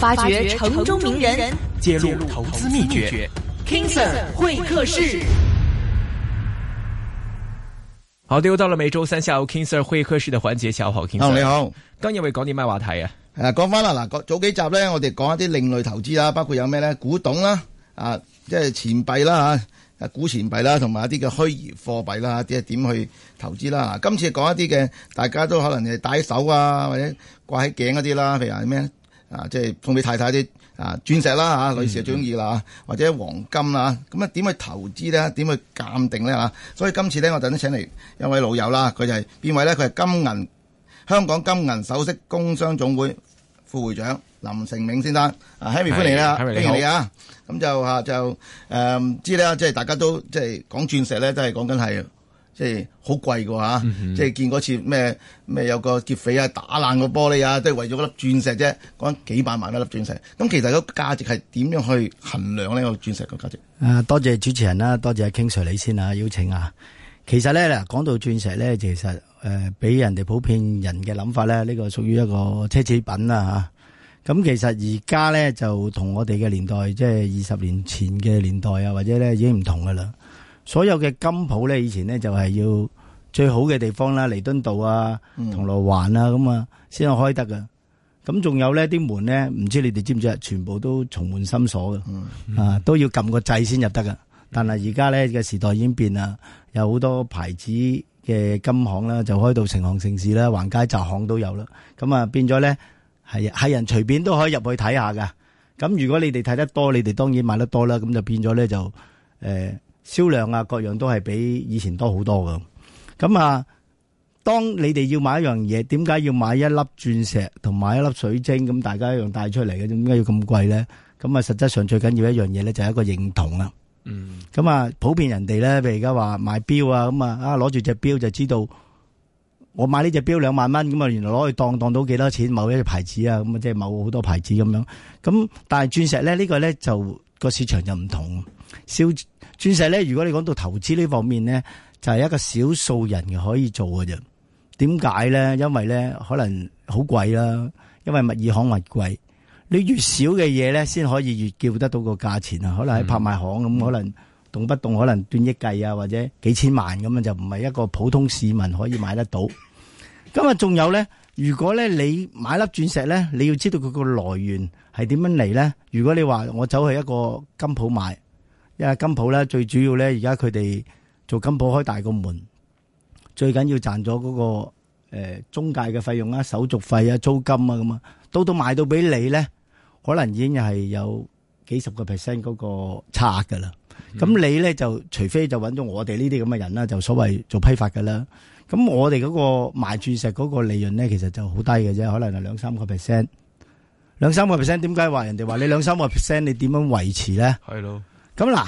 發掘城中名人，揭露投資秘訣。King Sir 會客室，好，又到了每周三下午 King Sir 會客室的環節，下午好 King Sir 你好，今日會講啲咩話題啊？誒，講翻啦，嗱，早幾集咧，我哋講一啲另類投資啦，包括有咩咧？古董啦，啊，即係錢幣啦，吓、啊，古錢幣啦，同埋一啲嘅虛擬貨幣啦，即係點去投資啦、啊？今次講一啲嘅，大家都可能係戴喺手啊，或者掛喺頸嗰啲啦，譬如係咩啊，即、就、係、是、送俾太太啲啊，鑽石啦嚇、呃，女士就中意啦，或者黃金啦，咁啊點去投資咧？點去鑑定咧嚇？所以今次咧，我特登請嚟一位老友啦，佢就係、是、邊位咧？佢係金銀香港金銀首飾工商總會副會長林成銘先生。嗯、啊，Henry 歡迎你啊，歡迎你啊！咁、啊、就啊就誒、呃，知咧，即係大家都即係講鑽石咧，都係講緊係。即係好貴嘅喎、啊嗯、即係見嗰次咩咩有個劫匪啊打爛個玻璃啊，即係為咗粒鑽石啫，講幾百萬,萬粒鑽石，咁其實個價值係點樣去衡量呢、呢個鑽石嘅價值？啊、呃，多謝主持人啦，多謝阿 King Sir 你先啊，邀請啊。其實咧，講到鑽石咧，其實誒，俾、呃、人哋普遍人嘅諗法咧，呢、呢個屬於一個奢侈品啊咁、啊、其實而家咧就同我哋嘅年代，即係二十年前嘅年代啊，或者咧已經唔同㗎啦。所有嘅金鋪咧，以前呢就係要最好嘅地方啦，彌敦道啊、銅鑼灣啊，咁啊先開得噶。咁仲有呢啲門咧，唔知你哋知唔知啊？全部都重門深鎖㗎、嗯，啊，都要撳個掣先入得噶。但係而家咧嘅時代已經變啦，有好多牌子嘅金行啦，就開到成行成市啦，橫街窄巷都有啦。咁啊變咗咧係人隨便都可以入去睇下噶。咁如果你哋睇得多，你哋當然買得多啦。咁就變咗咧就、呃銷量啊，各樣都係比以前多好多噶。咁啊，當你哋要買一樣嘢，點解要買一粒鑽石同買一粒水晶？咁大家一樣帶出嚟嘅，點解要咁貴咧？咁啊，實質上最緊要一樣嘢咧，就係一個認同啦。嗯。咁啊，普遍人哋咧，譬如而家話買錶啊，咁啊，啊攞住隻錶就知道我買呢隻錶兩萬蚊，咁啊，原來攞去當當到幾多錢？某一隻牌子啊，咁啊，即係某好多牌子咁樣。咁但係鑽石咧，呢個咧就。個市場就唔同，銷鑽石咧。如果你講到投資呢方面呢，就係、是、一個少數人可以做嘅啫。點解呢？因為呢，可能好貴啦，因為物以罕為貴。你越少嘅嘢呢，先可以越叫得到個價錢啊。可能喺拍賣行咁，嗯、可能動不動，可能斷億計啊，或者幾千萬咁樣，就唔係一個普通市民可以買得到。咁啊，仲有呢。如果咧你買粒鑽石咧，你要知道佢個來源係點樣嚟咧。如果你話我走去一個金鋪買，因為金鋪咧最主要咧，而家佢哋做金鋪開大個門，最緊要賺咗嗰個誒、呃、中介嘅費用啊、手續費啊、租金啊咁啊，多多買到到賣到俾你咧，可能已經係有幾十個 percent 嗰個差額噶啦。咁、嗯、你咧就除非就搵到我哋呢啲咁嘅人啦，就所謂做批發噶啦。咁我哋嗰個賣鑽石嗰個利潤咧，其實就好低嘅啫，可能係兩三個 percent，兩三個 percent。點解話人哋話你兩三個 percent，你點樣維持咧？係咯。咁嗱，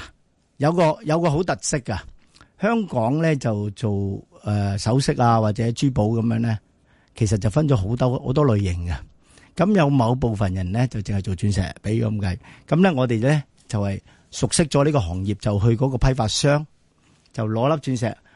有個有個好特色噶，香港咧就做誒首飾啊或者珠寶咁樣咧，其實就分咗好多好多類型嘅。咁有某部分人咧就淨係做鑽石，比如咁計。咁咧我哋咧就係熟悉咗呢個行業，就去嗰個批發商，就攞粒鑽石。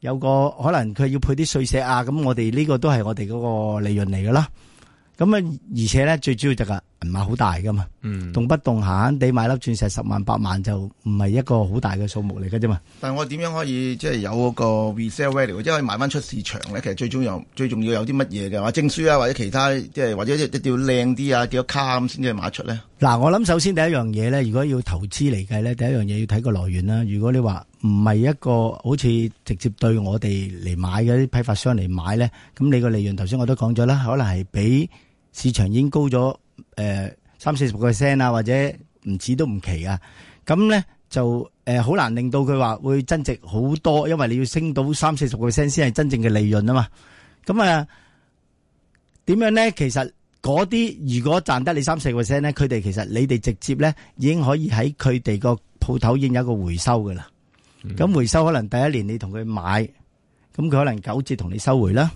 有個可能佢要配啲碎石啊，咁我哋呢個都係我哋嗰個利潤嚟噶啦。咁啊，而且咧最主要就係銀碼好大噶嘛，嗯，動不動閒你買粒鑽石十萬八萬就唔係一個好大嘅數目嚟噶啫嘛。但係我點樣可以即係有個 resale value，即係賣翻出市場咧？其實最重要最重要有啲乜嘢嘅？話證書啊，或者其他即係或者一定要靚啲啊，幾多卡咁先至賣出咧？嗱，我諗首先第一樣嘢咧，如果要投資嚟計咧，第一樣嘢要睇個來源啦。如果你話，唔係一個好似直接對我哋嚟買嘅啲批發商嚟買咧，咁你個利潤，頭先我都講咗啦，可能係比市場已經高咗誒三四十個 percent 啊，或者唔止都唔奇啊。咁咧就誒好難令到佢話會增值好多，因為你要升到三四十個 percent 先係真正嘅利潤啊嘛。咁啊，點樣咧？其實嗰啲如果賺得你三四十個 percent 咧，佢哋其實你哋直接咧已經可以喺佢哋個鋪頭已經有一個回收噶啦。咁回收可能第一年你同佢買，咁佢可能九折同你收回啦。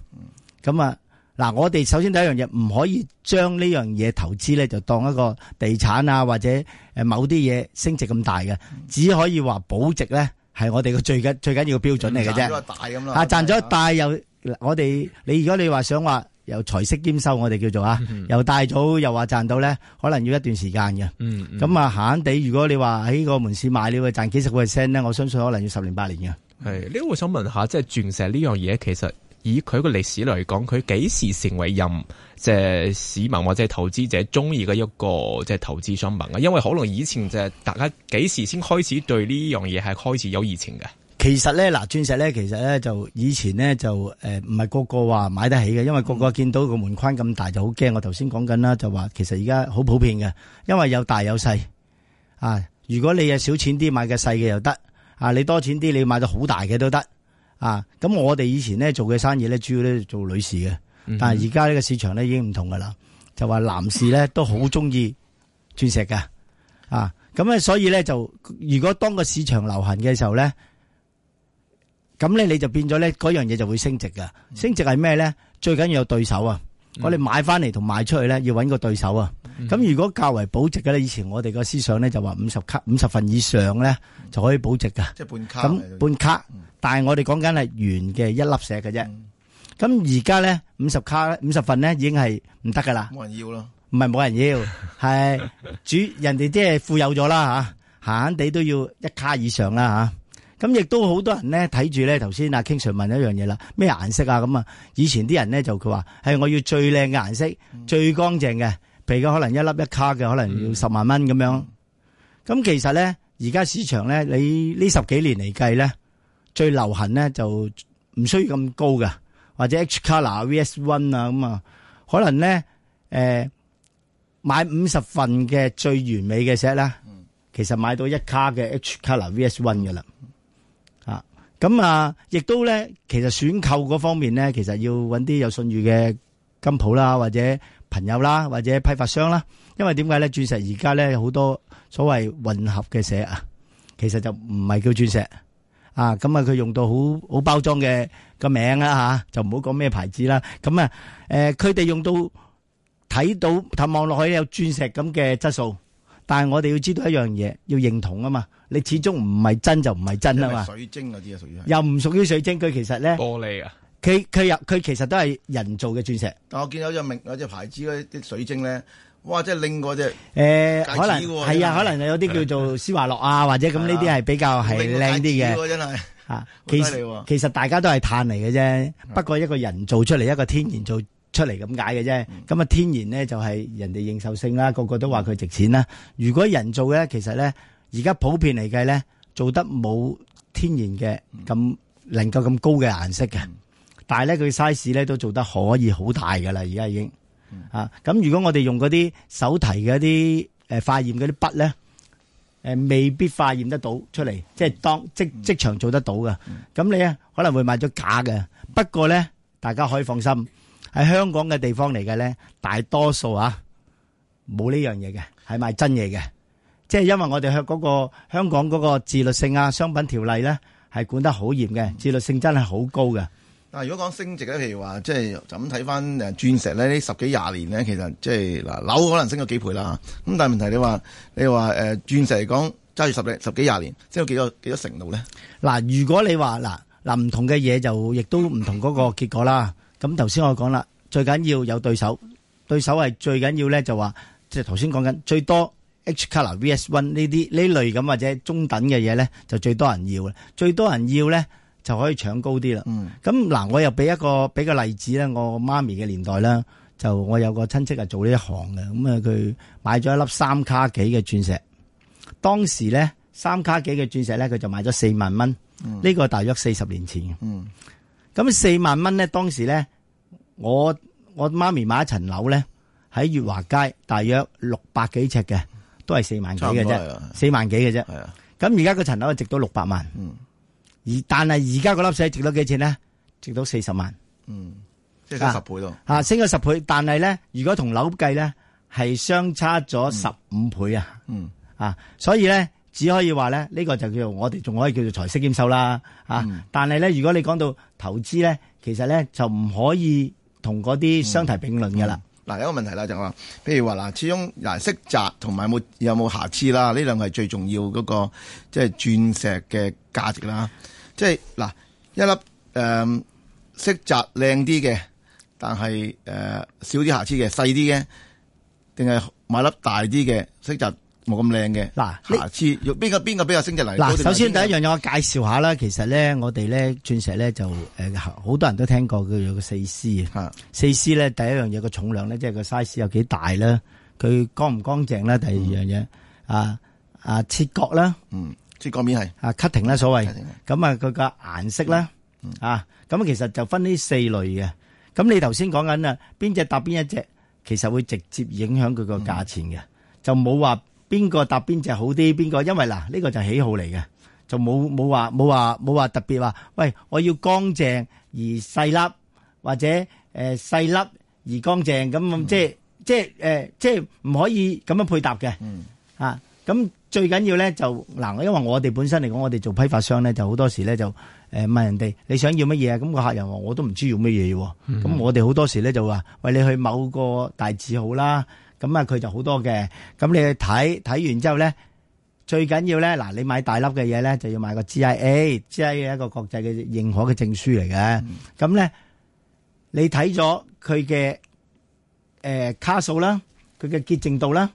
咁啊，嗱，我哋首先第一樣嘢，唔可以將呢樣嘢投資咧，就當一個地產啊，或者誒某啲嘢升值咁大嘅，只可以話保值咧，係我哋個最緊最緊要嘅標準嚟嘅啫。賺咗大咁咯，啊賺咗大又我哋你如果你話想話。由財色兼收，我哋叫做啊，又大早又話賺到咧，可能要一段時間嘅。咁、嗯、啊、嗯，閒閒哋，如果你話喺個門市買，你會賺幾十個 percent 咧，我相信可能要十年八年嘅。係，呢個我想問下，即係鑽石呢樣嘢，其實以佢個歷史嚟講，佢幾時成為任即係市民或者係投資者中意嘅一個即係投資商品啊？因為可能以前就係大家幾時先開始對呢樣嘢係開始有熱情嘅？其實咧，嗱，鑽石咧，其實咧就以前咧就誒，唔係個個話買得起嘅，因為個個見到個門框咁大就好驚。我頭先講緊啦，就話其實而家好普遍嘅，因為有大有細啊。如果你係少錢啲買個細嘅又得啊，你多錢啲你買到好大嘅都得啊。咁我哋以前咧做嘅生意咧，主要咧做女士嘅，但係而家呢個市場咧已經唔同噶啦，就話男士咧都好中意鑽石㗎。啊。咁咧所以咧就如果當個市場流行嘅時候咧。咁咧你就變咗咧，嗰樣嘢就會升值噶。升值係咩咧？最緊要有對手啊！我哋買翻嚟同賣出去咧，要揾個對手啊。咁如果較為保值嘅咧，以前我哋個思想咧就話五十卡五十分以上咧就可以保值噶。即係半卡，咁半卡。但係我哋講緊係圓嘅一粒石嘅啫。咁而家咧五十卡五十分咧已經係唔得噶啦。冇人要咯，唔係冇人要，係主人哋即係富有咗啦吓，閒閒地都要一卡以上啦吓。咁亦都好多人咧睇住咧。頭先阿 King Sir 問一樣嘢啦，咩顏色啊？咁啊，以前啲人咧就佢話係我要最靚嘅顏色，嗯、最乾淨嘅，譬如可能一粒一卡嘅，可能要十萬蚊咁樣。咁、嗯、其實咧，而家市場咧，你呢十幾年嚟計咧，最流行咧就唔需要咁高㗎，或者 H Color V S One 啊咁啊，可能咧誒、呃、買五十份嘅最完美嘅石呢，咧、嗯，其實買到一卡嘅 H Color V S One 噶啦。咁啊，亦都咧，其實選購嗰方面咧，其實要揾啲有信譽嘅金鋪啦，或者朋友啦，或者批發商啦。因為點解咧？鑽石而家咧有好多所謂混合嘅石啊，其實就唔係叫鑽石啊。咁啊，佢用到好好包裝嘅個名啦吓，就唔好講咩牌子啦。咁啊，誒，佢哋用到睇到睇望落去有鑽石咁嘅質素。但係我哋要知道一樣嘢，要認同啊嘛。你始終唔係真就唔係真啦嘛。水晶嗰啲啊，屬於又唔屬於水晶？佢其實咧，玻璃啊，佢佢又佢其實都係人造嘅鑽石。但係我見到有隻名有隻牌子嗰啲水晶咧，哇！即係拎過隻誒，可能係啊，可能有啲叫做施華洛啊，或者咁呢啲係比較係靚啲嘅。真係吓，其實其實大家都係碳嚟嘅啫。不過一個人造出嚟一個天然造。出嚟咁解嘅啫，咁啊天然咧就係人哋認受性啦，個個都話佢值錢啦。如果人造咧，其實咧而家普遍嚟計咧做得冇天然嘅咁能夠咁高嘅顏色嘅，但係咧佢 size 咧都做得可以好大噶啦。而家已經啊，咁如果我哋用嗰啲手提嘅一啲誒化驗嗰啲筆咧，誒未必化驗得到出嚟，即係當即即場做得到嘅。咁你啊可能會買咗假嘅，不過咧大家可以放心。喺香港嘅地方嚟嘅咧，大多數啊冇呢樣嘢嘅，係賣真嘢嘅。即係因為我哋去嗰個香港嗰個自律性啊，商品條例咧係管得好嚴嘅，自律性真係好高嘅。但係如果講升值咧，譬如話即係就咁睇翻誒鑽石咧，呢十幾廿年咧，其實即係嗱樓可能升咗幾倍啦。咁但係問題你話你話誒鑽石嚟講揸住十零十幾廿年，升咗幾多幾多程度咧？嗱，如果你話嗱嗱唔同嘅嘢就亦都唔同嗰個結果啦。咁頭先我講啦，最緊要有對手，對手係最緊要咧，就話即係頭先講緊最多 H color VS One 呢啲呢類咁或者中等嘅嘢咧，就最多人要啦，最多人要咧就可以搶高啲啦。咁、嗯、嗱，我又俾一個俾個例子咧，我媽咪嘅年代啦，就我有個親戚係做呢一行嘅，咁啊佢買咗一粒三卡幾嘅鑽石，當時咧三卡幾嘅鑽石咧，佢就買咗四萬蚊，呢、嗯這個大約四十年前嘅。嗯咁四萬蚊呢，當時咧，我我媽咪買一層樓咧，喺越華街，大約六百幾尺嘅，都係四萬幾嘅啫，四萬幾嘅啫。係啊。咁而家嗰層樓啊，值到六百萬。嗯。而但係而家嗰粒石值到幾錢呢？值到四十萬。嗯。即係升十倍咯。啊，升咗十倍，但係咧，如果同樓計咧，係相差咗十五倍啊。嗯。嗯。啊，所以咧。只可以話咧，呢、這個就叫做我哋仲可以叫做財色兼收啦，但係咧，如果你講到投資咧，其實咧就唔可以同嗰啲相提並論㗎啦。嗱、嗯嗯嗯嗯，有一個問題啦，就話、是，譬如話嗱，始終嗱色澤同埋冇有冇瑕疵啦，呢兩係最重要嗰、那個即係、就是、鑽石嘅價值、就是、啦。即係嗱一粒誒、嗯、色澤靚啲嘅，但係誒、呃、少啲瑕疵嘅細啲嘅，定係買粒大啲嘅色澤？冇咁靚嘅嗱，下次邊個邊個比較升值嚟嗱？首先第一樣嘢，我介紹下啦，其實咧我哋咧鑽石咧就誒好多人都聽過佢有個四 C 啊，四 C 咧第一樣嘢，個重量咧即係個 size 有幾大啦，佢乾唔乾淨呢？第二樣嘢、嗯、啊啊切角啦，嗯，切角面係啊 cutting 啦所謂，咁啊佢個顏色啦、嗯，啊咁其實就分呢四類嘅，咁你頭先講緊啊邊隻搭邊一隻，其實會直接影響佢個價錢嘅、嗯，就冇話。邊個搭邊隻好啲？邊個？因為嗱，呢個就喜好嚟嘅，就冇冇話冇話冇話特別話，喂，我要乾淨而細粒，或者誒細粒而乾淨咁咁，即係即係誒，即係唔可以咁樣配搭嘅。嗯，啊，咁最緊要咧就嗱，因為我哋本身嚟講，我哋做批發商咧，就好多時咧就誒問人哋你想要乜嘢啊？咁個客人話我都唔知要乜嘢。咁我哋好多時咧就話，喂，你去某個大字號啦。咁啊，佢就好多嘅。咁你去睇睇完之後咧，最緊要咧嗱，你買大粒嘅嘢咧，就要買個 GIA，GIA 一個國際嘅認可嘅證書嚟嘅。咁咧，你睇咗佢嘅誒卡數啦，佢嘅潔淨度啦，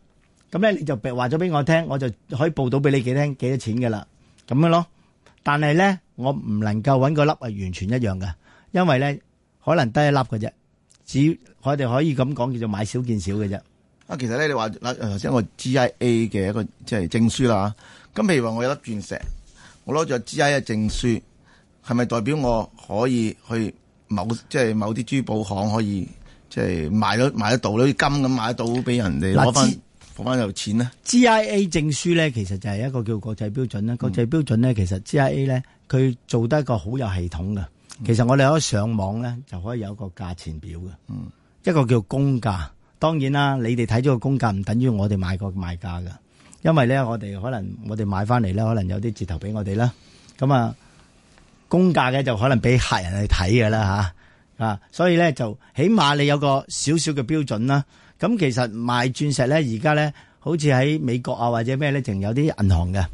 咁咧你就話咗俾我聽，我就可以報到俾你幾聽幾多錢嘅啦。咁樣咯，但係咧，我唔能夠搵個粒係完全一樣嘅，因為咧可能得一粒嘅啫，只我哋可以咁講叫做買少見少嘅啫。啊，其實咧，你話嗱，頭先我 GIA 嘅一個即係、就是、證書啦，咁譬如話我有一粒鑽石，我攞咗 GIA 證書，係咪代表我可以去某即係、就是、某啲珠寶行可以即係、就是、買到買得到啲金咁買得到俾人哋攞翻攞翻有錢呢？GIA 證書咧，其實就係一個叫國際標準咧、嗯，國際標準咧，其實 GIA 咧，佢做得一個好有系統嘅。其實我哋可以上網咧，就可以有一個價錢表嘅、嗯，一個叫公價。當然啦，你哋睇咗個公價唔等於我哋買個賣價噶，因為咧我哋可能我哋買翻嚟咧，可能有啲折頭俾我哋啦。咁啊，公價嘅就可能俾客人去睇噶啦吓啊，所以咧就起碼你有個少少嘅標準啦。咁其實賣鑽石咧，而家咧好似喺美國啊或者咩咧，仲有啲銀行嘅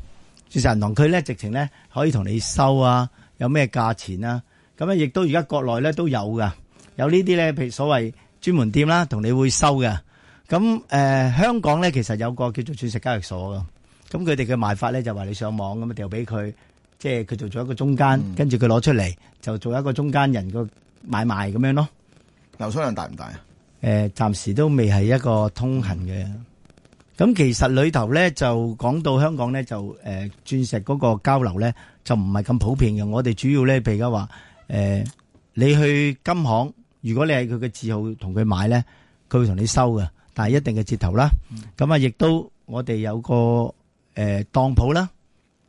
鑽石銀行，佢咧直情咧可以同你收啊，有咩價錢啊？咁咧亦都而家國內咧都有噶，有呢啲咧，譬如所謂。專門店啦，同你會收嘅。咁誒，香港咧其實有個叫做鑽石交易所㗎。咁佢哋嘅賣法咧就話你上網咁啊掉俾佢，即係佢做咗一個中間，跟住佢攞出嚟就做一個中間人嘅買賣咁樣咯。流通量大唔大啊？誒，暫時都未係一個通行嘅。咁其實裏頭咧就講到香港咧就誒鑽石嗰個交流咧就唔係咁普遍嘅。我哋主要咧譬如而家話誒，你去金行。如果你係佢嘅字號同佢買咧，佢會同你收嘅，但係一定係折頭啦。咁啊，亦都我哋有個誒當鋪啦，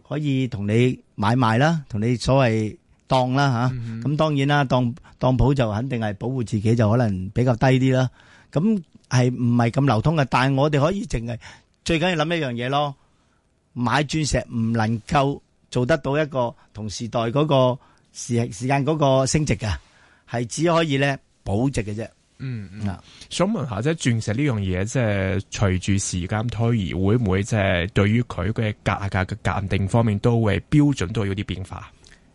可以同你買賣啦，同你所謂當啦吓。咁當然啦，當當鋪就肯定係保護自己，就可能比較低啲啦。咁係唔係咁流通嘅，但係我哋可以淨係最緊要諗一樣嘢咯。買鑽石唔能夠做得到一個同時代嗰個時時間嗰個升值嘅。係只可以咧保值嘅啫。嗯，嗱、嗯，想問下即係鑽石呢樣嘢，即係隨住時間推移，會唔會即係對於佢嘅價格嘅鑒定方面，都會標準都有啲變化？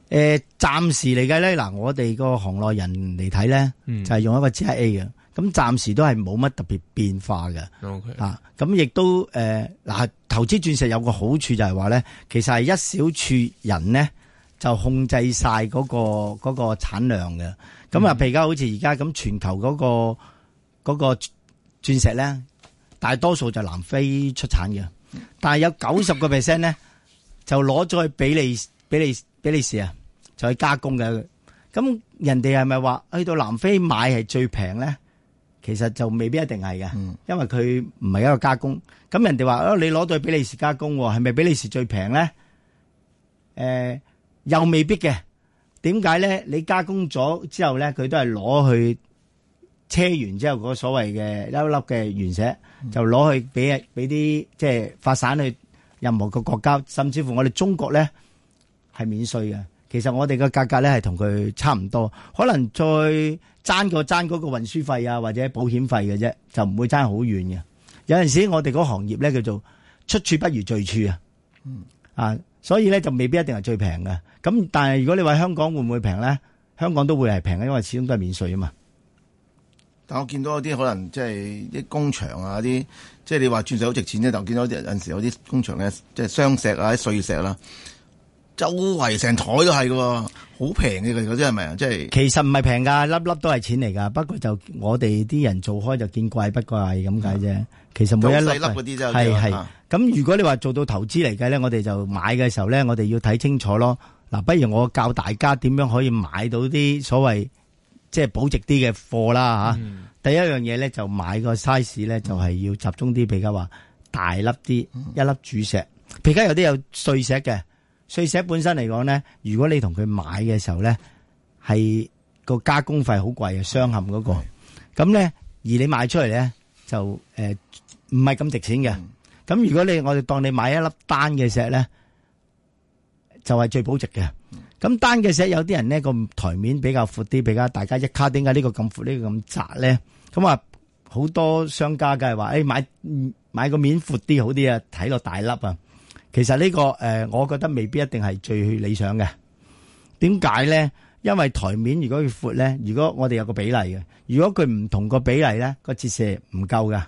誒、呃，暫時嚟計咧，嗱，我哋個行內人嚟睇咧，就係、是、用一個 GIA 嘅，咁暫時都係冇乜特別變化嘅。Okay. 啊，咁亦都誒，嗱、呃，投資鑽石有個好處就係話咧，其實係一小處人呢。就控制曬嗰個嗰個產量嘅，咁啊，譬如而家好似而家咁，全球嗰個嗰個鑽石咧，大多數就南非出產嘅，但係有九十個 percent 咧，就攞咗去比利比利比利時啊，就去加工嘅。咁人哋係咪話去到南非買係最平咧？其實就未必一定係嘅，因為佢唔係一個加工。咁人哋話，哦，你攞到去比利時加工喎，係咪比利時最平咧？誒。又未必嘅，點解咧？你加工咗之後咧，佢都係攞去車完之後嗰所謂嘅一粒粒嘅原石，就攞去俾俾啲即係發散去任何個國家，甚至乎我哋中國咧係免稅嘅。其實我哋嘅價格咧係同佢差唔多，可能再爭個爭嗰個運輸費啊或者保險費嘅啫，就唔會爭好遠嘅。有陣時我哋嗰行業咧叫做出處不如聚處啊，嗯啊。所以咧就未必一定係最平嘅，咁但係如果你話香港會唔會平呢？香港都會係平嘅，因為始終都係免稅啊嘛。但我見到啲可能即係啲工場啊，啲即係你話鑽石好值錢呢。但我見到有陣時有啲工場嘅即係雙石啊、碎石啦、啊，周圍成台都係喎。好平嘅佢嗰啲係咪啊？即係、就是、其實唔係平噶，粒粒都係錢嚟噶，不過就我哋啲人做開就見怪不怪咁解啫。其實每一粒嗰啲就係係咁。嗯、如果你話做到投資嚟計咧，我哋就買嘅時候咧，我哋要睇清楚咯。嗱，不如我教大家點樣可以買到啲所謂即係保值啲嘅貨啦吓、嗯。第一樣嘢咧就買個 size 咧，就係、是、要集中啲，比較話大粒啲、嗯，一粒主石。譬如有啲有碎石嘅碎石本身嚟講咧，如果你同佢買嘅時候咧，係個加工費好貴嘅，鑲嵌嗰個。咁、嗯、咧，而你買出嚟咧。就誒唔係咁值錢嘅，咁如果你我哋當你買一粒單嘅石咧，就係最保值嘅。咁單嘅石有啲人呢個台面比較闊啲，比較大家一卡，點解呢個咁闊，呢個咁窄咧？咁啊，好多商家梗係話，誒買買個面闊啲好啲啊，睇落大粒啊。其實呢個誒，我覺得未必一定係最理想嘅。點解咧？因為台面如果要闊咧，如果我哋有個比例嘅，如果佢唔同個比例咧，個折射唔夠噶，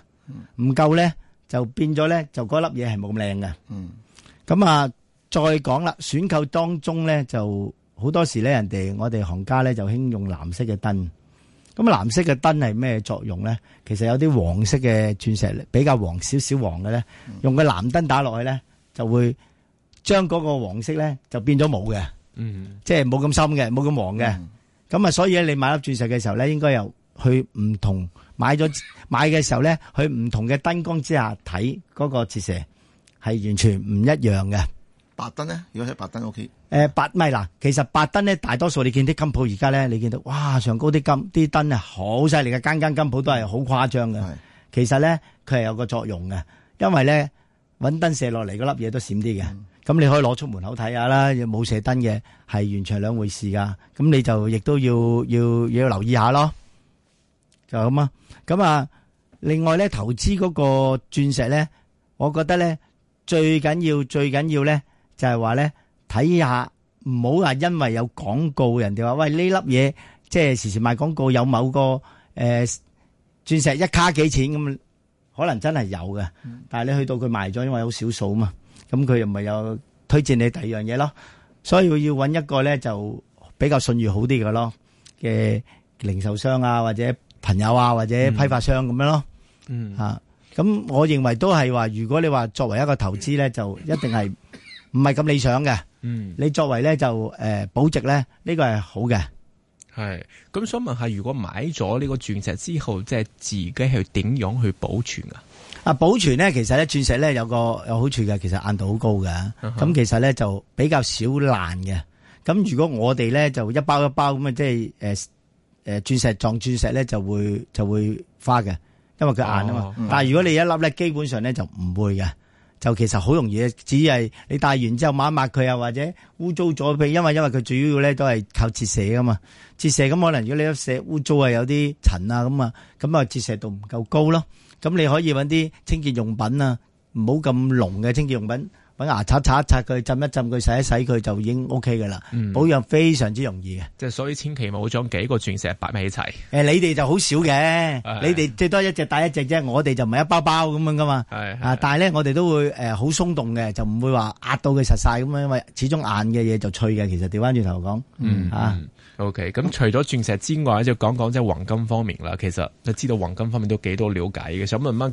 唔夠咧就變咗咧就嗰粒嘢係冇咁靚嘅。嗯。咁啊，再講啦，選購當中咧就好多時咧，人哋我哋行家咧就興用藍色嘅燈。咁啊，藍色嘅燈係咩作用咧？其實有啲黃色嘅鑽石比較黃少少黃嘅咧，用個藍燈打落去咧，就會將嗰個黃色咧就變咗冇嘅。嗯，即係冇咁深嘅，冇咁黃嘅，咁、嗯、啊，所以咧，你買粒鑽石嘅時候咧，應該又去唔同買咗買嘅時候咧，去唔同嘅燈光之下睇嗰個折射係完全唔一樣嘅。白燈咧，如果喺白燈屋企，誒、呃，白咪嗱，其實白燈咧，大多數你見啲金鋪而家咧，你見到哇，上高啲金，啲燈啊，好犀利嘅，間間金鋪都係好誇張嘅。其實咧，佢係有個作用嘅，因為咧，搵燈射落嚟，嗰粒嘢都閃啲嘅。嗯咁你可以攞出門口睇下啦，冇射燈嘅係完全兩回事噶。咁你就亦都要要要留意下咯，就咁啊。咁啊，另外咧，投資嗰個鑽石咧，我覺得咧最緊要最緊要咧就係話咧睇下，唔好話因為有廣告，人哋話喂，呢粒嘢，即係時時賣廣告，有某個誒鑽石一卡幾錢咁，可能真係有嘅，但係你去到佢賣咗，因為有少數啊嘛。咁佢又咪有推薦你第二樣嘢咯，所以佢要揾一個咧就比較信譽好啲嘅咯嘅零售商啊，或者朋友啊，或者批發商咁樣咯嗯。嗯，咁、啊、我認為都係話，如果你話作為一個投資咧，就一定係唔係咁理想嘅。嗯，你作為咧就誒、呃、保值咧，呢、這個係好嘅。係，咁想問下，如果買咗呢個鑽石之後，即、就、係、是、自己去點樣去保存啊？啊！保存咧，其實咧，鑽石咧有個有好處嘅，其實硬度好高嘅。咁、uh -huh. 其實咧就比較少爛嘅。咁如果我哋咧就一包一包咁啊，即係誒誒，呃、鑽石撞鑽石咧就會就會花嘅，因為佢硬啊嘛。Oh. 但係如果你一粒咧，mm -hmm. 基本上咧就唔會嘅。就其實好容易，只係你戴完之後抹一抹佢啊，或者污糟咗，譬如因為因為佢主要咧都係靠折射噶嘛，折射咁可能如果你粒石污糟啊，有啲塵啊咁啊，咁啊折射度唔夠高咯。咁你可以揾啲清潔用品啊，唔好咁濃嘅清潔用品，揾牙刷刷一刷佢，浸一浸佢，洗一洗佢就已經 OK 噶啦，保養非常之容易嘅。即係所以千祈唔好將幾個鑽石擺埋一齊。誒，你哋就好少嘅，你哋最多一隻戴一隻啫，我哋就唔係一包包咁樣噶嘛。係啊，但係咧我哋都會誒好鬆動嘅，就唔會話壓到佢實晒咁樣，因為始終硬嘅嘢就脆嘅，其實掉翻轉頭講，啊。OK，咁除咗鑽石之外，就講講即係黃金方面啦。其實你知道黃金方面都幾多了解嘅，想問乜？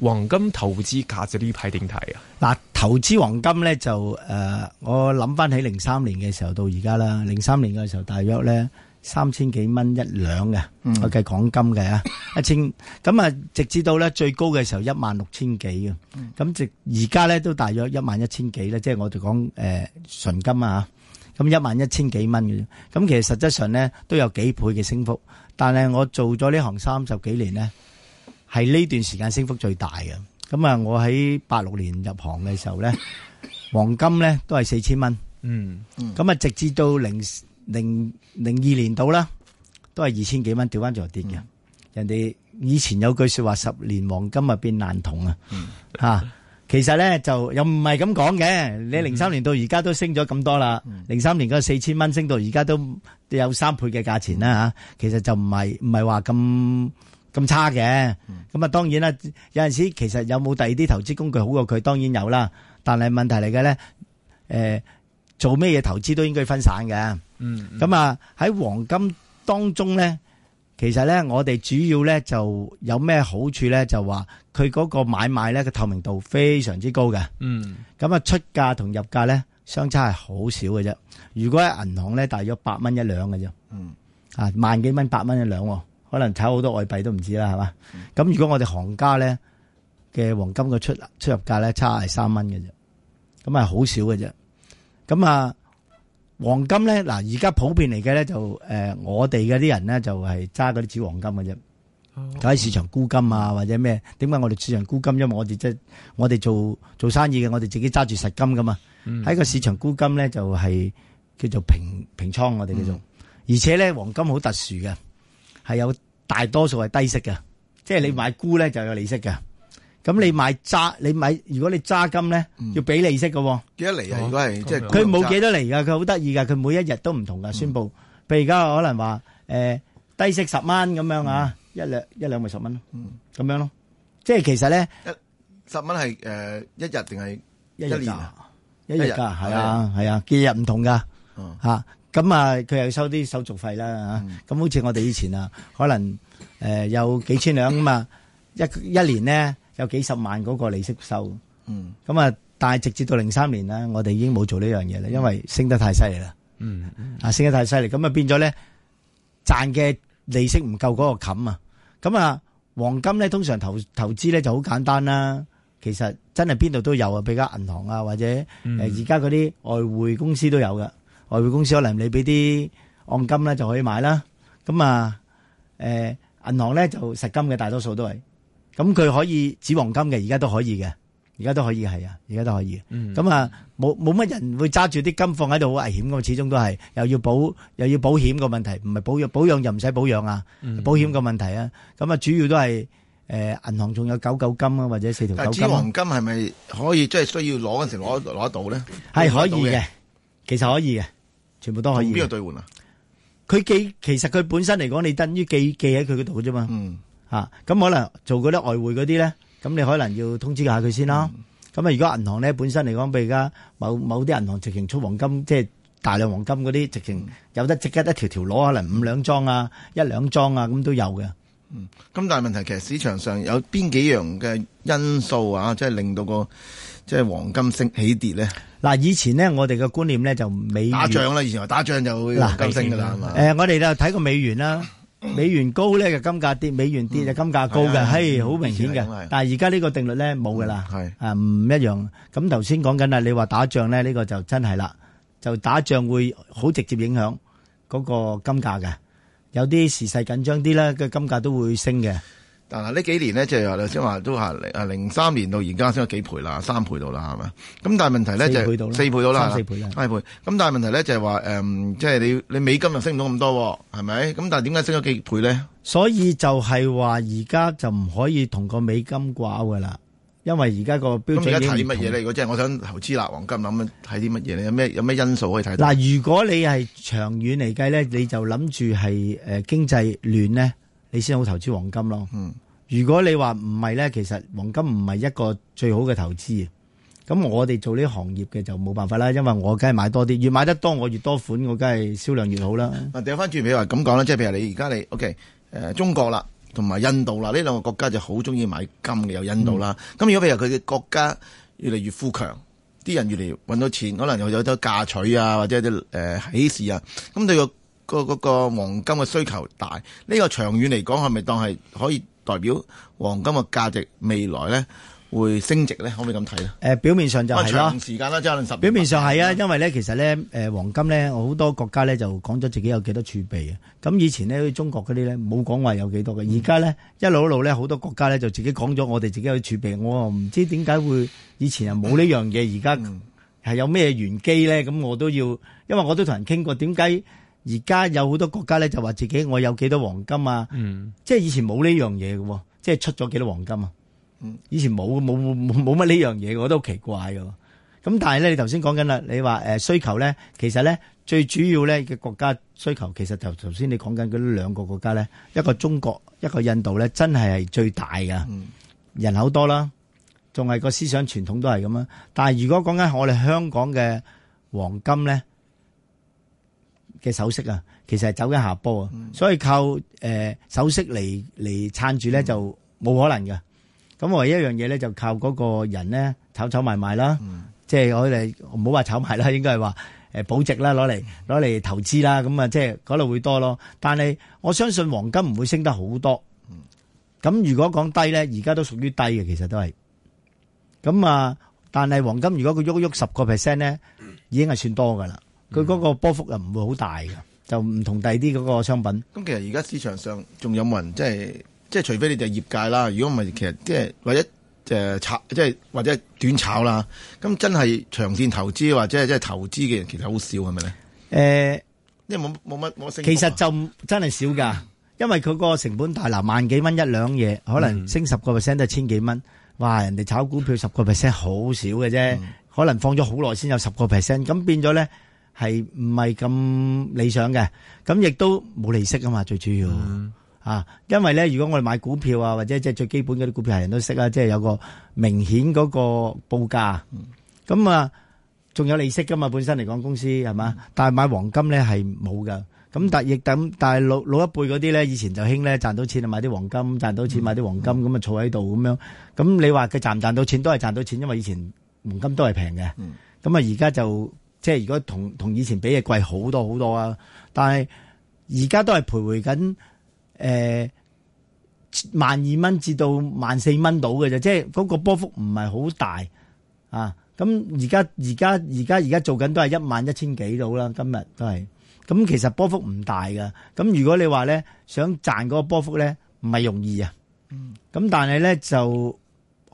黃金投資價值呢排點睇啊？嗱，投資黃金咧就誒，我諗翻起零三年嘅時候到而家啦，零三年嘅時候大約咧三千幾蚊一兩嘅，我計港金嘅啊，阿清。咁 啊，直至到咧最高嘅時候一萬六千幾嘅、啊，咁直而家咧都大約一萬一千幾咧，即係我哋講誒純金啊。咁一萬一千幾蚊嘅，咁其實實質上咧都有幾倍嘅升幅，但係我做咗呢行三十幾年咧，係呢段時間升幅最大嘅。咁啊，我喺八六年入行嘅時候咧， 黃金咧都係四千蚊。嗯、咁、嗯、啊，直至到零零零二年度啦，都係二千幾蚊，掉翻咗跌嘅、嗯。人哋以前有句說話，十年黃金啊變爛銅、嗯、啊。吓。其實咧就又唔係咁講嘅，你零三年到而家都升咗咁多啦，零三年、嗯、嗰四千蚊升到而家都有三倍嘅價錢啦吓、啊，其實就唔係唔係話咁咁差嘅，咁、嗯、啊當然啦，有陣時其實有冇第二啲投資工具好過佢，當然有啦，但係問題嚟嘅咧，誒、呃、做咩嘢投資都應該分散嘅，咁啊喺黃金當中咧。其實咧，我哋主要咧就有咩好處咧？就話佢嗰個買賣咧嘅透明度非常之高嘅。嗯，咁啊出價同入價咧相差係好少嘅啫。如果喺銀行咧大約八蚊一兩嘅啫。嗯啊，啊萬幾蚊八蚊一兩，可能炒好多外幣都唔知啦，係嘛？咁、嗯、如果我哋行家咧嘅黃金嘅出出入價咧差係三蚊嘅啫，咁係好少嘅啫。咁啊。黃金咧，嗱而家普遍嚟嘅咧就是，誒、呃、我哋嘅啲人咧就係揸嗰啲紙黃金嘅啫，就喺市場沽金啊或者咩？點解我哋市場沽金？因為我哋即係我哋做做生意嘅，我哋自己揸住實金噶嘛。喺個市場沽金咧就係、是、叫做平平倉我哋叫做，而且咧黃金好特殊嘅，係有大多數係低息嘅，即、就、係、是、你買沽咧就有利息嘅。咁你買揸，你買如果你揸金咧，要俾利息噶幾多厘啊？如果係即係佢冇幾多厘噶，佢好得意噶，佢每一日都唔同噶，宣布。譬如而家可能話，誒低息十蚊咁樣啊，一兩一兩咪十蚊，咁樣咯。即係其實咧，十蚊係誒一日定係一年？一日噶係啊係啊，幾日唔同噶吓。咁啊，佢又要收啲手續費啦吓。咁好似我哋以前啊，可能誒有幾千兩咁啊，一一年咧。有幾十萬嗰個利息收，咁啊，但係直至到零三年咧，我哋已經冇做呢樣嘢啦，因為升得太犀利啦，啊升得太犀利，咁啊變咗咧賺嘅利息唔夠嗰個冚啊，咁啊黃金咧通常投投資咧就好簡單啦，其實真係邊度都有啊，比較銀行啊或者誒而家嗰啲外匯公司都有噶，外匯公司可能你俾啲按金咧就可以買啦，咁啊誒銀行咧就實金嘅大多數都係。咁佢可以儲黃金嘅，而家都可以嘅，而家都可以係啊，而家都可以。咁啊，冇冇乜人會揸住啲金放喺度，好危險噶嘛，始終都係又要保又要保險個問題，唔係保養保養又唔使保養啊，保險個問題啊。咁啊，主要都係誒，銀行仲有九九金啊，或者四條九金。但係儲黃金係咪可以即係需要攞嗰時攞攞得到咧？係可以嘅，其實可以嘅，全部都可以。邊個兌換啊？佢寄其實佢本身嚟講，你等於寄寄喺佢嗰度啫嘛。啊，咁可能做嗰啲外匯嗰啲咧，咁你可能要通知下佢先啦。咁啊，嗯、如果銀行咧本身嚟講，譬如而家某某啲銀行直情出黃金，即係大量黃金嗰啲，直情有得即刻一條條攞，可能五兩裝啊，一兩裝啊，咁都有嘅。嗯，咁但係問題其實市場上有邊幾樣嘅因素啊，即係令到個即係黃金升起跌咧。嗱、啊，以前呢，我哋嘅觀念咧就美元打仗啦，以前話打仗就黃金升噶啦。誒、啊呃，我哋就睇個美元啦。美元高咧，就金價跌；美元跌就金價高嘅，嘿，好明顯嘅。但係而家呢個定律咧冇噶啦，係啊唔一樣。咁頭先講緊啊，你話打仗咧，呢個就真係啦，就打仗會好直接影響嗰個金價嘅。有啲時勢緊張啲咧，嗰金價都會升嘅。但啊！呢幾年呢，即係頭先話都係啊零三年到而家，升咗幾倍啦，三倍到啦，係咪？咁但係問題呢，就四倍到啦，三四倍啦，四倍。咁但係問題呢、嗯，就係話誒，即係你你美金又升唔到咁多，係咪？咁但係點解升咗幾倍呢？所以就係話而家就唔可以同個美金掛㗎啦，因為而家個標準。而家睇乜嘢呢？如果即係我想投資啦，黃金啦咁，睇啲乜嘢呢？有咩有咩因素可以睇？嗱，如果你係長遠嚟計呢，你就諗住係誒經濟亂呢。你先好投資黃金咯。如果你話唔係咧，其實黃金唔係一個最好嘅投資。咁我哋做呢行業嘅就冇辦法啦，因為我梗係買多啲，越買得多我越多款，我梗係銷量越好啦。咪掉翻轉，譬如話咁講啦，即係譬如你而家你 OK、呃、中國啦，同埋印度啦，呢兩個國家就好中意買金嘅，有印度啦。咁、嗯、如果譬如佢嘅國家越嚟越富強，啲人越嚟越搵到錢，可能又有咗嫁娶啊，或者啲誒、呃、喜事啊，咁對個個、那、嗰個黃金嘅需求大，呢、這個長遠嚟講係咪當係可以代表黃金嘅價值未來呢？會升值呢？可唔可以咁睇呢？誒、呃，表面上就係、是、咯，呃、時間啦，即係十。表面上係啊，因為呢其實呢，誒，黃金呢好多國家呢就講咗自己有幾多儲備啊。咁以前呢，中國嗰啲呢冇講話有幾多嘅，而家呢，一路一路呢好多國家呢就自己講咗我哋自己有儲備。我唔知點解會以前又冇呢樣嘢，而家係有咩玄機呢？咁我都要，因為我都同人傾過點解。而家有好多國家咧，就話自己我有幾多黃金啊？嗯，即係以前冇呢樣嘢嘅，即係出咗幾多黃金啊？嗯，以前冇冇冇乜呢樣嘢，我都好奇怪嘅。咁但係咧，你頭先講緊啦，你話誒、呃、需求咧，其實咧最主要咧嘅國家需求，其實就頭先你講緊嗰兩個國家咧，一個中國，一個印度咧，真係係最大噶。嗯，人口多啦，仲係個思想傳統都係咁啦。但係如果講緊我哋香港嘅黃金咧。嘅首飾啊，其實係走緊下坡啊，所以靠誒首飾嚟嚟撐住咧就冇可能嘅。咁唯一一樣嘢咧就靠嗰個人咧炒炒賣賣啦，即係我哋唔好話炒賣啦，應該係話誒保值啦，攞嚟攞嚟投資啦，咁啊即係嗰度會多咯。但係我相信黃金唔會升得好多。咁如果講低咧，而家都屬於低嘅，其實都係。咁啊，但係黃金如果佢喐一喐十個 percent 咧，已經係算多㗎喇。佢嗰個波幅又唔會好大㗎，就唔同第二啲嗰個商品。咁、嗯、其實而家市場上仲有冇人即係即係，除非你就係業界啦。如果唔係，其實即係或者炒，即係或者短炒啦。咁真係長線投資或者係即係投資嘅人，其實好少係咪咧？誒、欸，因為冇冇乜冇升。其實就真係少㗎，因為佢個成本大嗱，萬幾蚊一兩嘢，可能升十個 percent 都係千幾蚊、嗯。哇，人哋炒股票十個 percent 好少嘅啫、嗯，可能放咗好耐先有十個 percent。咁變咗咧。係唔係咁理想嘅？咁亦都冇利息噶嘛，最主要啊！因為咧，如果我哋買股票啊，或者即係最基本嗰啲股票，係人都識啦，即係有個明顯嗰個報價。咁啊，仲有利息噶嘛本身嚟講，公司係嘛？但係買黃金咧係冇噶。咁但係亦等，但係老老一輩嗰啲咧，以前就興咧賺到錢啊，買啲黃金，賺到錢買啲黃金，咁啊坐喺度咁樣。咁你話佢賺唔賺到錢都係賺到錢，因為以前黃金都係平嘅。咁啊，而家就。即係如果同同以前比嘢貴好多好多啊！但係而家都係徘徊緊誒萬二蚊至到萬四蚊到嘅啫，即係嗰個波幅唔係好大啊！咁而家而家而家而家做緊都係一萬一千幾到啦，今日都係咁，其實波幅唔大㗎。咁如果你話咧想賺嗰個波幅咧，唔係容易啊！咁但係咧就。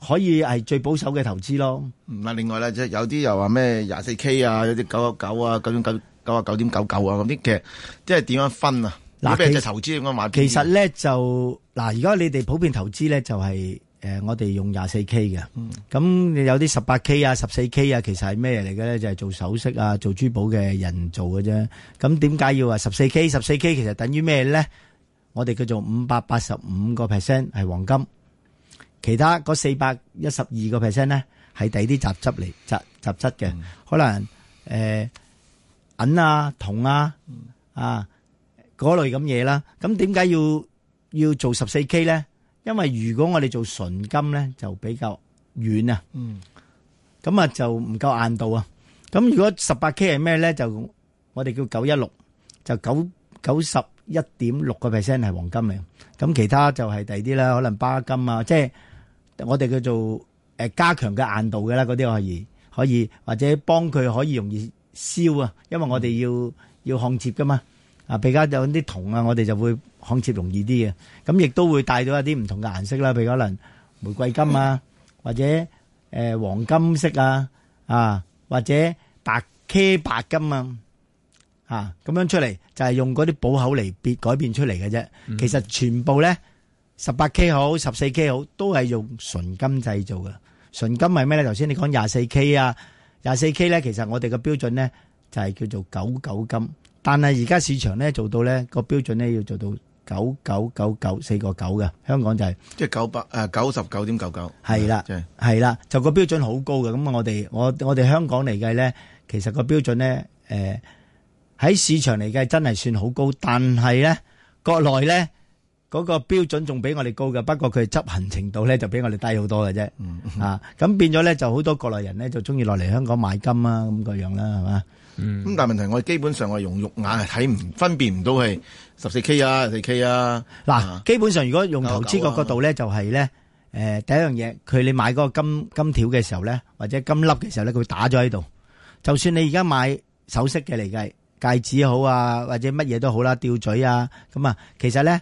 可以係最保守嘅投資咯。嗱，另外咧，即係有啲又話咩廿四 K 啊，有啲九九九啊，九點九九啊，九點九九啊咁啲嘅，即係點樣分啊？嗱，咩就投資點樣買？其實咧就嗱，而家你哋普遍投資咧就係誒，我哋用廿四 K 嘅。咁有啲十八 K 啊、十四 K 啊，其實係咩嚟嘅咧？就係做首飾啊、做珠寶嘅人做嘅啫。咁點解要話十四 K？十四 K 其實等於咩咧？我哋叫做五百八十五個 percent 係黃金。其他嗰四百一十二個 percent 咧，係第二啲雜質嚟雜雜質嘅，可能誒銀、呃、啊、銅啊啊嗰、嗯、類咁嘢啦。咁點解要要做十四 K 咧？因為如果我哋做純金咧，就比較軟啊，咁、嗯、啊就唔夠硬度啊。咁如果十八 K 係咩咧？就我哋叫九一六，就九九十一點六個 percent 係黃金嚟，咁、嗯、其他就係第二啲啦，可能鈀金啊，即係。我哋叫做、呃、加強嘅硬度嘅啦，嗰啲可以可以，或者幫佢可以容易燒啊，因為我哋要要焊接㗎嘛。啊，譬如有啲銅啊，我哋就會焊接容易啲嘅。咁亦都會帶到一啲唔同嘅顏色啦，譬如可能玫瑰金啊，或者誒、呃、黃金色啊，啊或者白 K 白金啊，嚇、啊、咁樣出嚟就係、是、用嗰啲補口嚟改變出嚟嘅啫。其實全部咧。十八 K 好，十四 K 好，都係用純金製造嘅。純金係咩咧？頭先你講廿四 K 啊，廿四 K 咧，其實我哋嘅標準咧就係叫做九九金，但係而家市場咧做到咧個標準咧要做到九九九九四個九嘅。香港就係即係九百誒九十九點九九，係啦，係啦，就個標準好高嘅。咁我哋我我哋香港嚟計咧，其實個標準咧誒喺市場嚟計真係算好高，但係咧國內咧。嗰個標準仲比我哋高嘅，不過佢執行程度咧就比我哋低好多嘅啫。啊，咁變咗咧就好多國內人咧就中意落嚟香港買金啊咁個樣啦，係嘛？咁但係問題我基本上我用肉眼係睇唔分辨唔到係十四 K 啊、十四 K 啊。嗱，基本上如果用投資個角度咧，就係咧，誒，第一樣嘢，佢你買嗰個金金條嘅時候咧，或者金粒嘅時候咧，佢會打咗喺度。就算你而家買首飾嘅嚟計，戒指好啊，或者乜嘢都好啦，吊墜啊，咁啊，其實咧。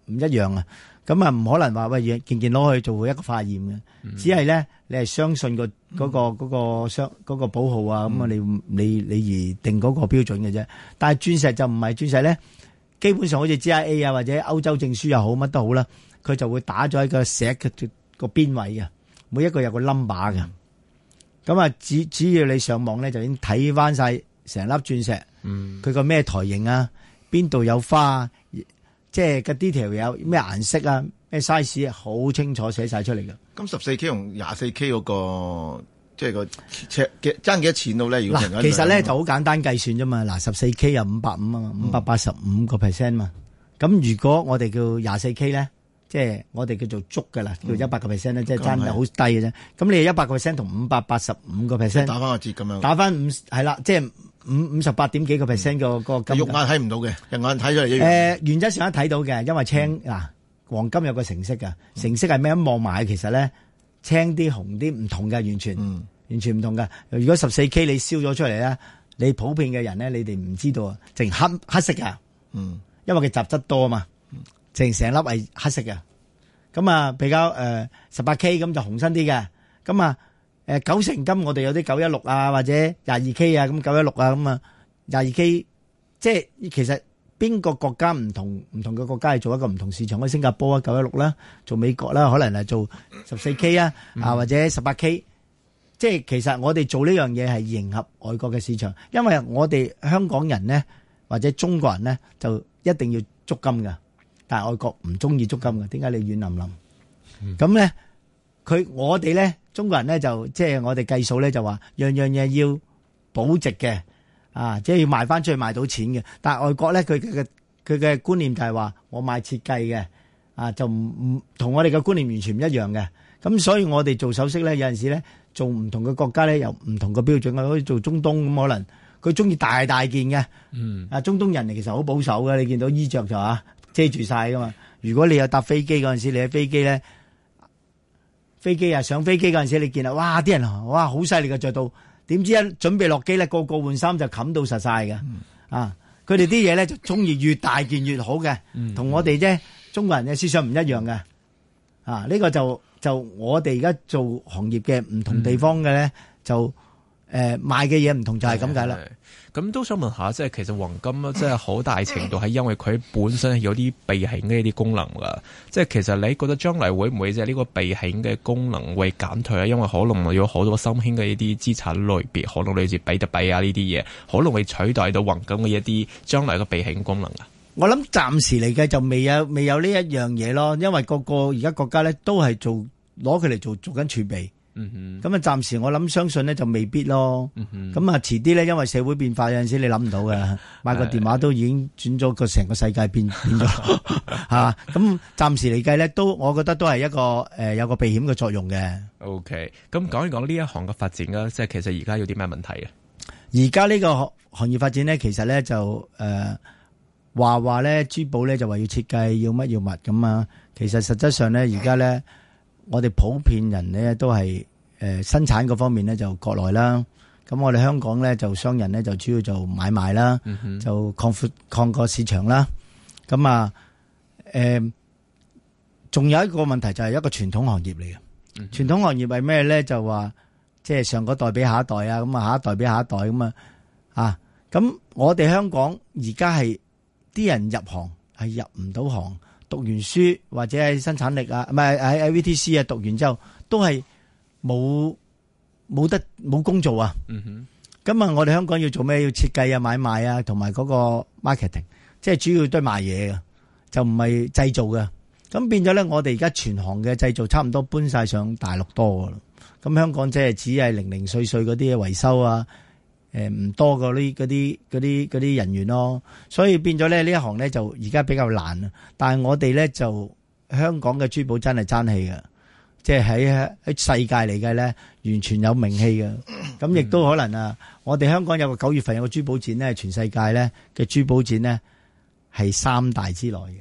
唔一樣啊！咁啊，唔可能話喂件件攞去做一個化驗嘅，只係咧你係相信個嗰個嗰個商嗰個保號啊咁啊，你你你而定嗰個標準嘅啫。但係鑽石就唔係鑽石咧，基本上好似 GIA 啊或者歐洲證書又好乜都好啦，佢就會打咗喺個石嘅個邊位嘅，每一個有個 number。嘅咁啊，只只要你上網咧，就已經睇翻曬成粒鑽石，佢個咩台型啊，邊度有花。即係個 detail 有咩顏色啊，咩 size 啊，好清楚寫晒出嚟噶。咁十四 K 同廿四 K 嗰個，即係、那個尺嘅，爭幾多錢到咧？嗱、啊，其實咧、嗯、就好簡單計算啫嘛。嗱、啊，十四 K 有五百五啊，嘛，五百八十五個 percent 嘛。咁如果我哋叫廿四 K 咧，即係我哋叫做足噶啦，叫一百個 percent 咧，即係爭得好低嘅啫。咁、嗯、你一百個 percent 同五百八十五個 percent，打翻個折咁樣，打翻五係啦，即係。五五十八點幾個 percent 個個金看不到的，肉眼睇唔到嘅，肉眼睇就嚟一樣。誒，原則上睇到嘅，因為青嗱、嗯、黃金有個成色噶，成色係咩？一望埋其實咧，青啲紅啲唔同嘅，完全不完全唔、嗯、同噶。如果十四 K 你燒咗出嚟咧，你普遍嘅人咧，你哋唔知道啊，淨、就是、黑黑色噶，嗯，因為佢雜質多啊嘛，淨成粒係黑色嘅，咁啊比較誒十八 K 咁就紅身啲嘅，咁啊。誒，九成金我哋有啲九一六啊，或者廿二 K 啊，咁九一六啊咁啊，廿二 K，即係其實邊個國家唔同唔同嘅國家係做一個唔同市場，喺新加坡啊九一六啦，做美國啦，可能係做十四 K 啊，啊或者十八 K，即係其實我哋做呢樣嘢係迎合外國嘅市場，因為我哋香港人咧或者中國人咧就一定要足金噶，但係外國唔中意足金嘅，點解你軟腍腍？咁咧，佢我哋咧。中國人咧就即係我哋計數咧就話樣樣嘢要保值嘅，啊即係要賣翻出去賣到錢嘅。但係外國咧佢嘅佢嘅觀念就係話我賣設計嘅，啊就唔唔同我哋嘅觀念完全唔一樣嘅。咁所以我哋做首飾咧有陣時咧做唔同嘅國家咧有唔同嘅標準啊。好似做中東咁可能佢中意大大件嘅，嗯啊中東人其實好保守㗎，你見到衣着就話、啊、遮住晒噶嘛。如果你有搭飛機嗰陣時，你喺飛機咧。飛機啊，上飛機嗰陣時你見啦，哇！啲人哇好犀利嘅着到，點知一準備落機咧，個個換衫就冚到實晒嘅。啊，佢哋啲嘢咧就中意越大件越好嘅，同我哋啫中國人嘅思想唔一樣嘅。啊，呢個就就我哋而家做行業嘅唔同地方嘅咧、嗯、就。誒，賣嘅嘢唔同就係咁解啦。咁都想問下，即係其實黃金啦，即係好大程度係因為佢本身有啲避險嘅一啲功能噶。即係 其實你覺得將來會唔會即係呢個避險嘅功能會減退啊？因為可能有好多新興嘅一啲資產類別，可能類似比特幣啊呢啲嘢，可能會取代到黃金嘅一啲將來嘅避險功能啊。我諗暫時嚟嘅就未有未有呢一樣嘢咯，因為個個而家國家咧，都係做攞佢嚟做做緊儲備。嗯嗯，咁啊，暫時我諗相信呢就未必咯。嗯咁啊，遲啲呢因為社會變化有陣時你諗唔到嘅，買個電話都已經轉咗個成個世界變 變咗成，吓、 嗯。咁暫時嚟計呢都我覺得都係一個誒、呃、有個避險嘅作用嘅。O K，咁講一講呢一行嘅發展啦，即係其實而家有啲咩問題啊？而家呢個行業發展呢其實呢就誒話、呃、話呢珠寶呢就話要設計要乜要物咁啊。其實實質上呢而家呢我哋普遍人咧都係，誒、呃、生產嗰方面咧就國內啦，咁我哋香港咧就商人咧就主要做買賣啦、嗯，就擴闊、擴個市場啦，咁啊，誒、呃，仲有一個問題就係一個傳統行業嚟嘅，傳、嗯、統行業係咩咧就話，即、就、係、是、上個代俾下一代啊，咁啊下一代俾下一代咁啊，啊，咁我哋香港而家係啲人入行係入唔到行。讀完書或者喺生產力啊，唔係喺喺 VTC 啊，讀完之後都係冇冇得冇工做啊。嗯哼，咁啊，我哋香港要做咩？要設計啊、買賣啊，同埋嗰個 marketing，即係主要都係賣嘢嘅，就唔係製造嘅。咁變咗咧，我哋而家全行嘅製造差唔多搬晒上大陸多噶啦。咁香港即係只係零零碎碎嗰啲維修啊。誒，唔多嘅啲嗰啲嗰啲嗰啲人員咯，所以變咗咧呢一行咧就而家比較難。但係我哋咧就香港嘅珠寶真係爭氣㗎，即係喺喺世界嚟計咧完全有名氣嘅。咁亦都可能啊，我哋香港有個九月份有個珠寶展咧，全世界咧嘅珠寶展咧係三大之內嘅，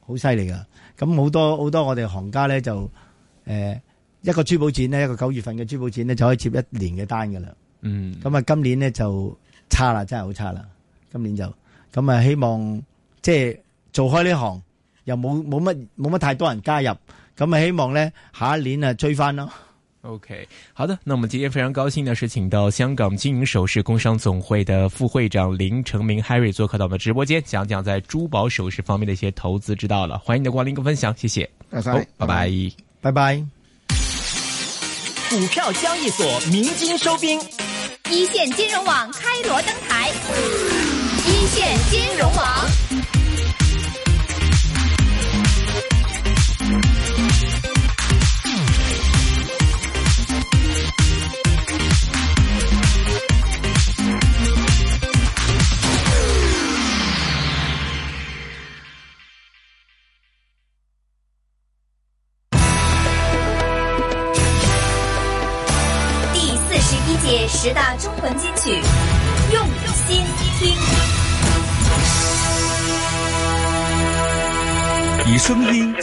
好犀利噶。咁好多好多我哋行家咧就誒一個珠寶展呢一個九月份嘅珠寶展咧就可以接一年嘅單噶啦。嗯，咁、嗯、啊，今年呢就差啦，真係好差啦。今年就，咁、嗯、啊，希望即係做開呢行，又冇冇乜冇乜太多人加入，咁啊，希望呢下一年啊追翻。咯。OK，好的，那我們今天非常高興的是，請到香港金銀首飾工商總會的副會長林成銘 Harry 做客到我們的直播間，講講在珠寶首飾方面的一些投資之道了。歡迎你的光臨跟分享，謝謝，謝，謝拜拜。拜拜，拜拜。股票交易所鳴金收兵。一線金融網開鑼登台，一線金融網。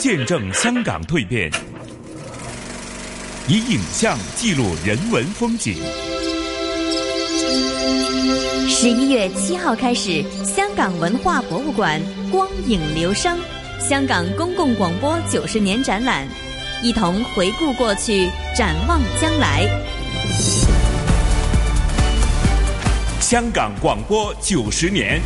見證香港蛻變，以影像記錄人文風景。十一月七號開始，香港文化博物館“光影流聲”，香港公共廣播九十年展覽，一同回顧過去，展望將來。香港廣播九十年。